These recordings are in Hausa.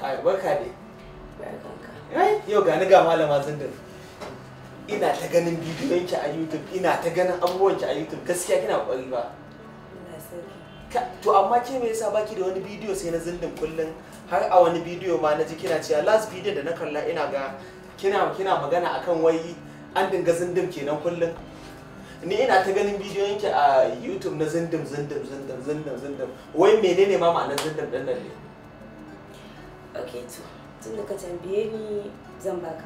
Kai barka dai. Barkanka. Eh, yau ga ni ga malama zindin. Ina ta ganin bidiyon ki a YouTube, ina ta ganin abubuwan ki a YouTube, gaskiya kina kokari ba. To amma ke me yasa baki da wani bidiyo sai na zindin kullun har a wani bidiyo ma na ji kina cewa last bidiyo da na kalla ina ga kina kina magana akan wai an dinga zindim kenan kullun. ni ina ta ganin bidiyon ki a YouTube na zindim zindim zindim zindim zindim wai menene ma ma'anar zindim din nan ne ok to tun da ka tambaye ni zan baka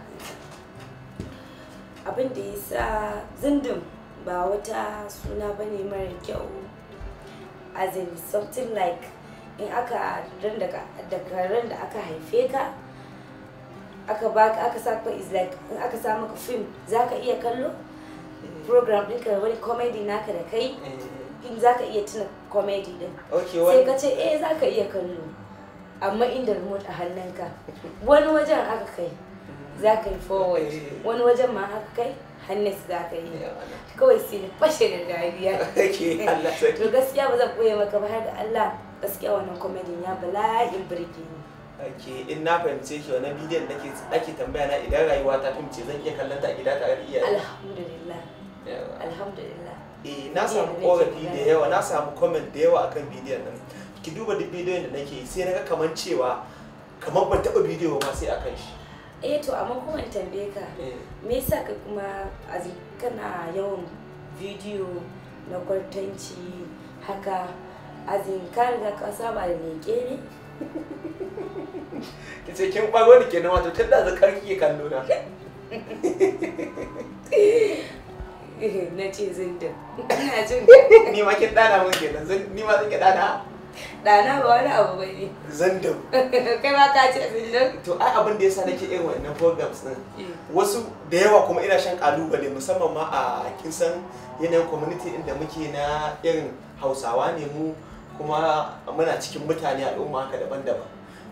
abin da ya sa zindin ba wata suna ba ne mara kyau as in something like in aka ran daga ran da aka haife ka aka baka aka is like in aka sa maka film ka iya kallo eh. program ka wani comedy naka da kai eh. in ka iya tuna comedy din sai ka ce eh zaka iya kallo amma inda remote a hannunka wani wajen aka kai za ka yi forward eh. wani wajen ma aka kai hannes za ka yi kawai sai na fashe da dariya to gaskiya ba zan koya maka ba har da allah gaskiya wannan kwamedin ya bala'in birge ni Ake in na fahimce shi wani bidiyon da ake tambaya na idan rayuwa ta fahimce zan iya kallon ta a gida tare da iyaye. Alhamdulillah. Alhamdulillah. Eh na samu korafi da yawa na samu comment da yawa akan bidiyon nan. ki duba duk bidiyon da nake yi sai naga kaman cewa kamar ban taɓa bidiyo ba sai akan shi eh to amma kuma in tambaye ka eh. me yasa ka kuma azin kana yawan bidiyo na kwartanci haka azin ka riga ka saba da leƙe ne ki ce kin ɓago da kenan wato tun da za karki ke kallo na na ce zindin ina jin ni ma kin dana mun kenan ni ma zan dana dana ba wani abu ba ne zandam kai ma ka ce zandam to ai abin da yasa nake irin wannan programs din eh. wasu da yawa kuma ina shan kalubale musamman ma a kin san yanayin community inda muke na irin hausawa ne mu kuma muna cikin mutane al'umma haka daban-daban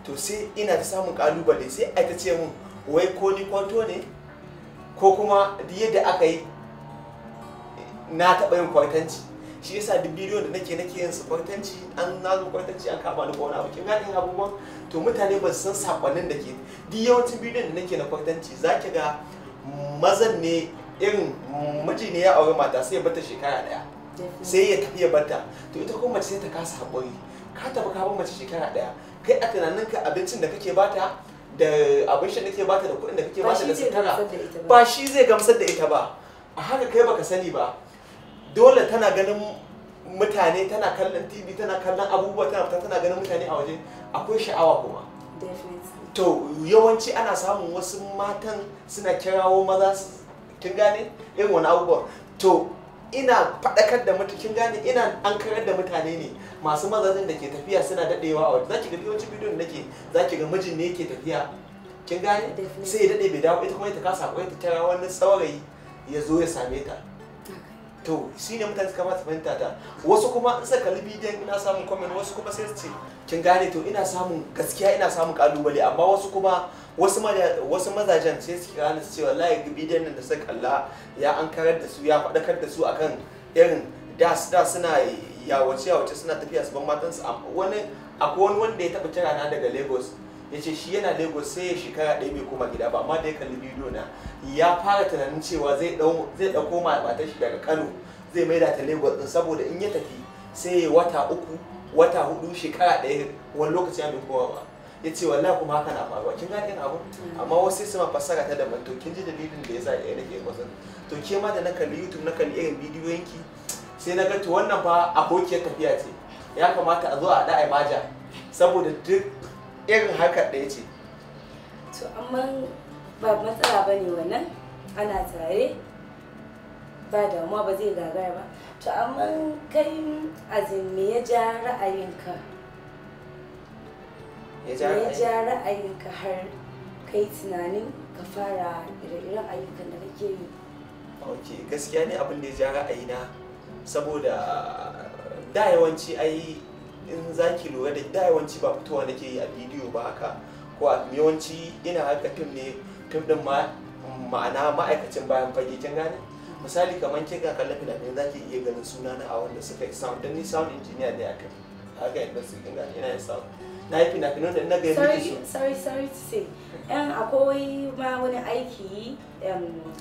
to sai ina ta samun kalubale sai ai ta ce mun wai ko ni kwanto ne ko kuma yadda aka yi na taɓa yin kwantanci shi yasa duk bidiyon da nake nake yin kwartanci an na zo kwartanci an kama ni ko wani abu ga gane abubuwan to mutane ba su san sakonnin da ke duk yawancin bidiyon da nake na kwartanci zaki ga mazan ne irin miji ne ya aure mata sai ya bata shekara daya sai ya tafi ya bata to ita kuma mace sai ta kasa haƙuri ka tafi ka mace shekara daya kai a tunaninka abincin da kake bata da abin shi da kake bata da kuɗin da kake bata da sutura ba shi zai gamsar da ita ba a haka kai baka sani ba dole tana ganin mutane tana kallon tv tana kallon abubuwa tana fita tana ganin mutane a waje akwai sha'awa kuma to yawanci ana samun wasu matan suna kirawo maza kin gane irin wani abubuwa to ina faɗakar da mutu kin gane ina an karar da mutane ne masu mazajin da ke tafiya suna daɗewa a waje zaki ga yawancin bidiyon da nake zaki ga mijin ne yake tafiya kin gane sai ya daɗe bai dawo ita kuma ita kasa akwai ta kira wani saurayi ya zo ya same ta to shi ne mutane suka mata fahimta ta wasu kuma in saka kalli dan ina samun comment wasu kuma sai su ce kin gane to ina samun gaskiya ina samun kalubale amma wasu kuma wasu wasu mazajen sai su gane su ce wallahi bidiyon nan da suka kalla ya an karar da su ya faɗakar da su akan irin da da suna yawace yawace suna tafiya su ban matansu wani akwai wani wanda ya taɓa kira na daga Lagos ya ce shi yana lagos sai ya shekara ɗaya bai koma gida ba amma da ya kalli bidiyo na ya fara tunanin cewa zai ɗauko matar shi daga kano zai maida ta lagos ɗin saboda in ya tafi sai ya wata uku wata hudu shekara ɗaya wani lokaci ya koma ba ya ce wallah kuma haka na faruwa kin gane abu mm. amma wasu sai fassara ta daban to kin ji dalilin da ya sa ya nake kwasan to ke ma da na kalli youtube na kalli irin ki sai na ga to wannan fa abokiyar tafiya ce ya kamata a zo a da'a maja saboda duk irin haka ɗaya ce to amma ba matsala ba ne wannan ana tare ba damuwa ba zai gagara ba to amma kai azin me ya ja ra'ayinka ya ja ra'ayinka har kai tunanin ka fara ire-iren ayyukan da kake yi ok gaskiya ne abin da ya ja ra'ayina saboda da yawanci ai in za ki lura da da yawanci ba fitowa nake yi a bidiyo ba haka ko a yawanci ina haka fim ne fim din ma ma'ana ma'aikacin bayan fage kin gane misali kamar kin ga kallon fina za ki iya ganin sunana a wanda suka yi sound don ni sound engineer ne a kan haka yadda su kin gane ina yin sound na yi fina-finan da na gari su sorry sorry to say yan akwai ma wani aiki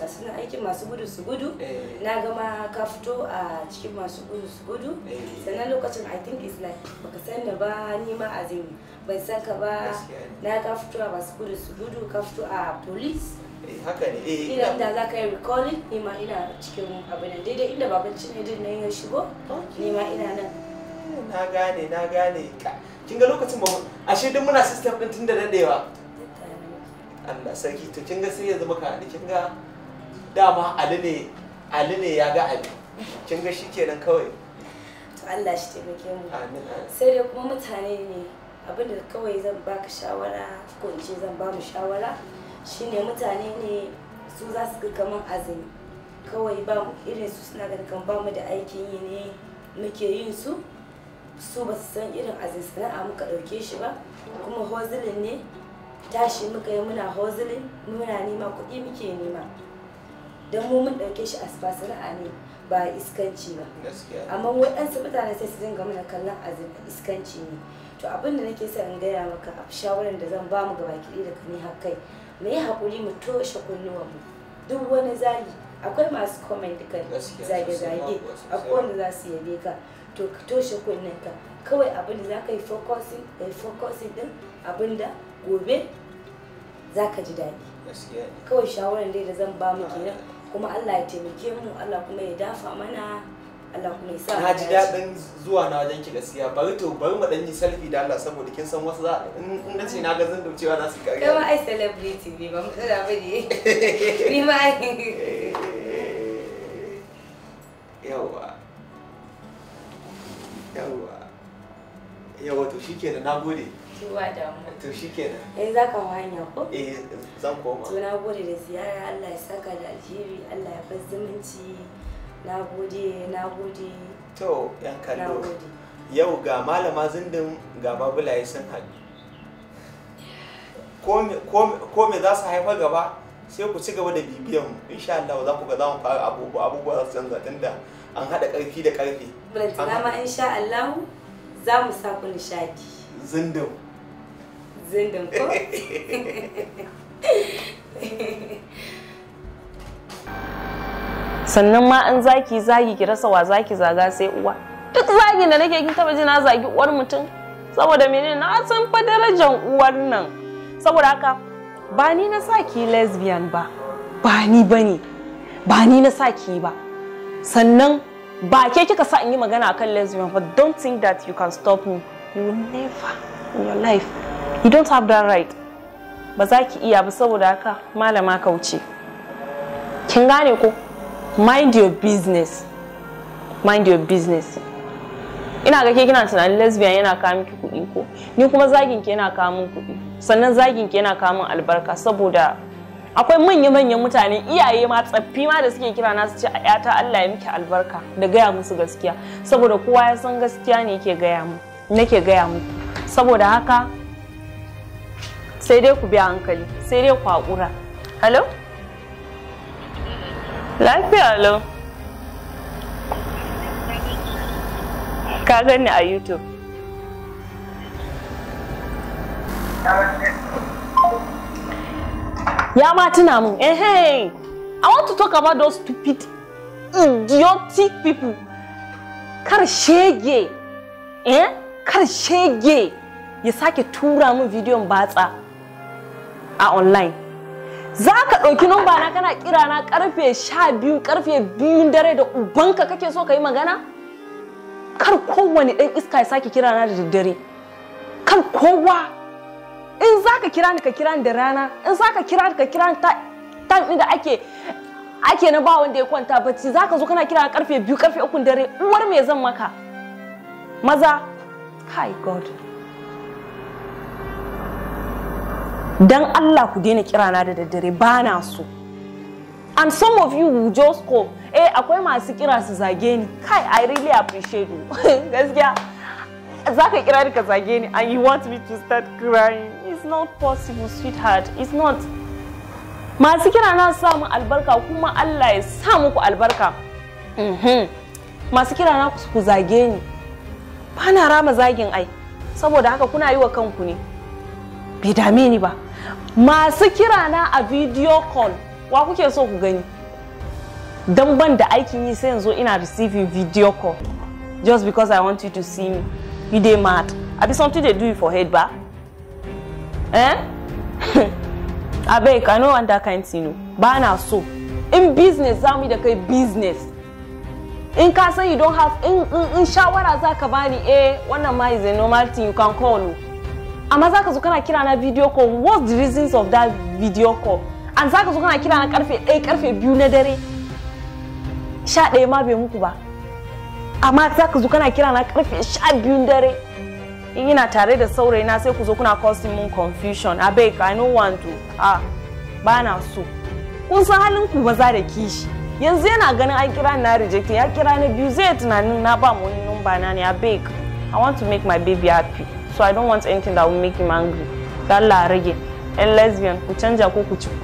a suna aikin masu gudu su gudu eh. na gama ka fito a cikin masu gudu su gudu eh. sannan lokacin i think is like baka san da ba ni ma azumi ban san ka ba na ka fito a masu gudu su gudu ka fito a police eh, haka ne eh idan da za ka yi recalling ni ma ina cikin abin nan daidai inda babanci ne din nan ya shigo ni ma ina nan na gane na gane kin ga lokacin ba ashe duk muna system din tun da dadewa Allah sarki to kin ga sai yanzu muka ni kin ga dama Ali ne Ali ne ya ga Ali kin ga shikenan kawai to Allah shi taimake mu amin sai dai kuma mutane ne abinda kawai zan baka shawara ko in ce zan ba mu shawara shine mutane ne su za su ga kaman azumi kawai ba irin su suna ganin kan ba mu da aikin yi ne muke yin su su ba su san irin azin sana'a muka ɗauke shi ba kuma hozilin ne tashi muka yi muna hozilin muna nema kuɗi muke nema don mu mun ɗauke shi a sana'a ne ba iskanci ba amma waɗansu mutane sai su dinga muna kallon azin iskanci ne to abin da nake son in gaya maka a shawarar da zan ba mu gaba kiɗi da kani har kai mu yi haƙuri mu toshe kunnuwanmu duk wani zagi akwai masu comment kan zage-zage akwai wanda za su yabe ka to ka toshe ka kawai abin da za ka yi focusing ka eh, yi focusing din abin da gobe za ka ji daɗi kawai shawarar dai da zan ba mu kenan kuma Allah ya taimake mu Allah kuma ya dafa mana Allah kuma ya sa na ji daɗin zuwa na wajen ki gaskiya bari to bari mu dan yi selfie da Allah saboda kin san wasu za in na ce na ga zan cewa za su kariya kai ma ai celebrity ne ba mu tsara ba ne ni ma ai yawwa yawa to shikenan na gode Tuwa damu. To shi kenan. Yanzu eh, za ka hanya ko? Eh zan koma. To na gode da ziyara Allah ya saka da alheri Allah ya bar zumunci. Na gode, na gode. To yan kallo. Yau ga malama zindin ga babulaye sun haɗu. Ko me za su haifar gaba sai ku ci gaba da bibiyan mu insha Allah za ku ga za mu fara abubuwa abubuwa za su canza tunda an haɗa ƙarfi da ƙarfi bulantana ma in sha Allahu za mu sa ku nishadi zindin zindin ko sannan ma an zaki zagi ki rasa wa zaki zaga sai uwa duk zagi da nake kin taba ji na zagi uwar mutum saboda menene na san fa darajar uwar nan saboda haka ba ni na sa lesbian ba ba ni bane ba ni na sa ba sannan ba ke kika sa in yi magana akan lesbian but don't think that you can stop me you will never in your life you don't have that right ba za ki iya ba saboda haka malama ka wuce kin gane ko mind your business mind your business ina ga ke kina tunanin lesbian yana kawo miki kuɗi ko ni kuma zagin ki yana kawo min kuɗi sannan zagin ki yana kawo min albarka saboda akwai manya-manyan mutane iyaye ma tsaffi ma da suke kira na su ce a yata Allah ya miki albarka da gaya musu gaskiya saboda kowa ya san gaskiya ne ke gaya mu nake gaya mu saboda haka sai dai ku biya hankali sai dai ku haƙura halo lafiya halo ka gani a youtube ya ma tuna min eh I want to talk about those stupid mm, idiotic people kar shege eh kar shege ya sake tura min bidiyon batsa a online za ka ɗauki numba na kana kira na karfe sha karfe biyun dare da ubanka kake so ka yi magana kar kowane ɗan iska ya sake kira na da daddare kar kowa in za ka kira ni ka kira ni da rana in za ka kira ni ka kira ni tan da ake ake na ba wanda ya kwanta bacci za ka zo kana kira karfe biyu karfe uku dare uwar me zan maka maza hi god dan Allah ku daina kirana da daddare ba na so and some of you will just call eh akwai masu kira su zage ni kai i really appreciate you gaskiya zaka kira ni ka zage ni and you want me to start crying it's not possible sweetheart it's not masu kira na samu albarka kuma Allah ya sa muku albarka mhm. masu kira na ku zage ni ba na rama zagin ai saboda haka kuna yi wa kanku ne bai dame ni ba masu kira na a video call wa kuke so ku gani don ban da aikin yi sai yanzu ina receiving video call just because i want you to see me you dey mad I be something they do you for head ba eh I beg, i no want that kind thing o oh. Ban na so in business za mu yi da business in case you don't have in in in shawara za ka bani eh wannan ma is a normal thing you can call o oh. amma za ka zo kana kira na video call what's the reasons of that video call and za ka zo kana kira na karfe ɗaya eh, karfe biyu na dare sha ɗaya ma amma za ka zo kana kira na karfe sha biyun dare in yana tare da saurayi na sai ku zo kuna causing mun confusion abeg i no want to ah ba na so kun san halin ku ba za da kishi yanzu yana ganin an kira na reject ya kira na biyu zai tunanin na ba mu wani number na ne abeg i want to make my baby happy so i don't want anything that will make him angry dalla rage yan lesbian ku canja ko ku ci